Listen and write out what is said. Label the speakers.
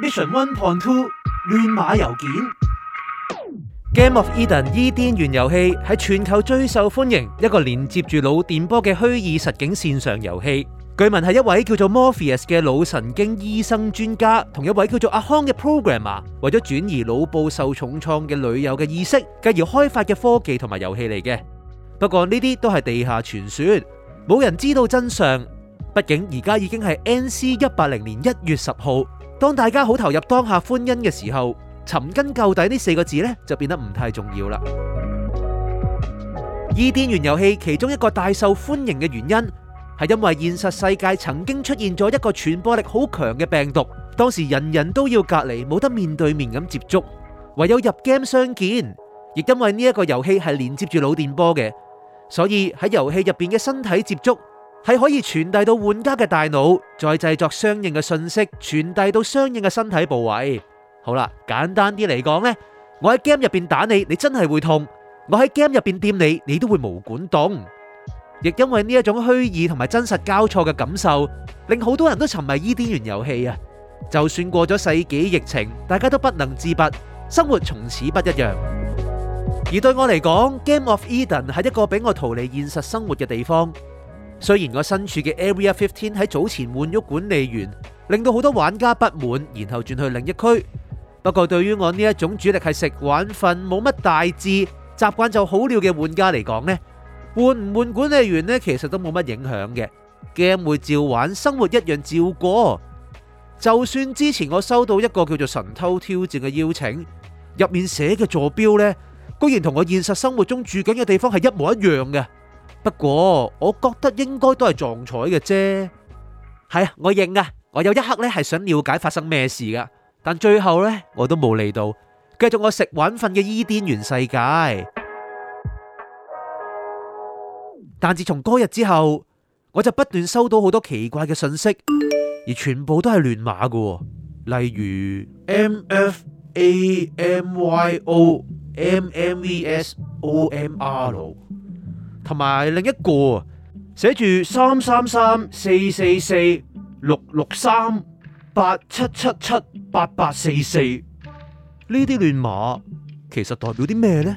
Speaker 1: Mission One Point Two，亂碼郵件。Game of Eden，伊甸園遊戲係全球最受歡迎一個連接住腦電波嘅虛擬實景線上遊戲。據聞係一位叫做 Morpheus 嘅腦神經醫生專家，同一位叫做阿匡嘅 programmer 為咗轉移腦部受重創嘅女友嘅意識，繼而開發嘅科技同埋遊戲嚟嘅。不過呢啲都係地下傳說，冇人知道真相。畢竟而家已經係 N.C. 一八零年一月十號。當大家好投入當下歡欣嘅時候，尋根究底呢四個字呢，就變得唔太重要啦。《伊甸園》遊戲其中一個大受歡迎嘅原因，係因為現實世界曾經出現咗一個傳播力好強嘅病毒，當時人人都要隔離，冇得面對面咁接觸，唯有入 game 相見。亦因為呢一個遊戲係連接住腦電波嘅，所以喺遊戲入邊嘅身體接觸。係可以傳遞到玩家嘅大腦，再製作相應嘅信息傳遞到相應嘅身體部位。好啦，簡單啲嚟講呢，我喺 game 入邊打你，你真係會痛；我喺 game 入邊掂你，你都會毛管戙。亦因為呢一種虛擬同埋真實交錯嘅感受，令好多人都沉迷伊甸園遊戲啊！就算過咗世紀疫情，大家都不能自拔，生活從此不一樣。而對我嚟講，《Game of Eden》係一個俾我逃離現實生活嘅地方。雖然我身處嘅 Area 15喺早前換咗管理員，令到好多玩家不滿，然後轉去另一區。不過對於我呢一種主力係食玩瞓，冇乜大志，習慣就好了嘅玩家嚟講呢，換唔換管理員呢其實都冇乜影響嘅。Game 會照玩，生活一樣照過。就算之前我收到一個叫做神偷挑戰嘅邀請，入面寫嘅坐標呢，居然同我現實生活中住緊嘅地方係一模一樣嘅。不過我覺得應該都係撞彩嘅啫，係啊，我認啊，我有一刻咧係想了解發生咩事噶，但最後咧我都冇理到，繼續我食玩瞓嘅伊甸園世界。但自從嗰日之後，我就不斷收到好多奇怪嘅信息，而全部都係亂碼㗎，例如 M F A M Y O M M E S O M R 同埋另一個寫住三三三四四四六六三八七七七八八四四，呢啲亂碼其實代表啲咩呢？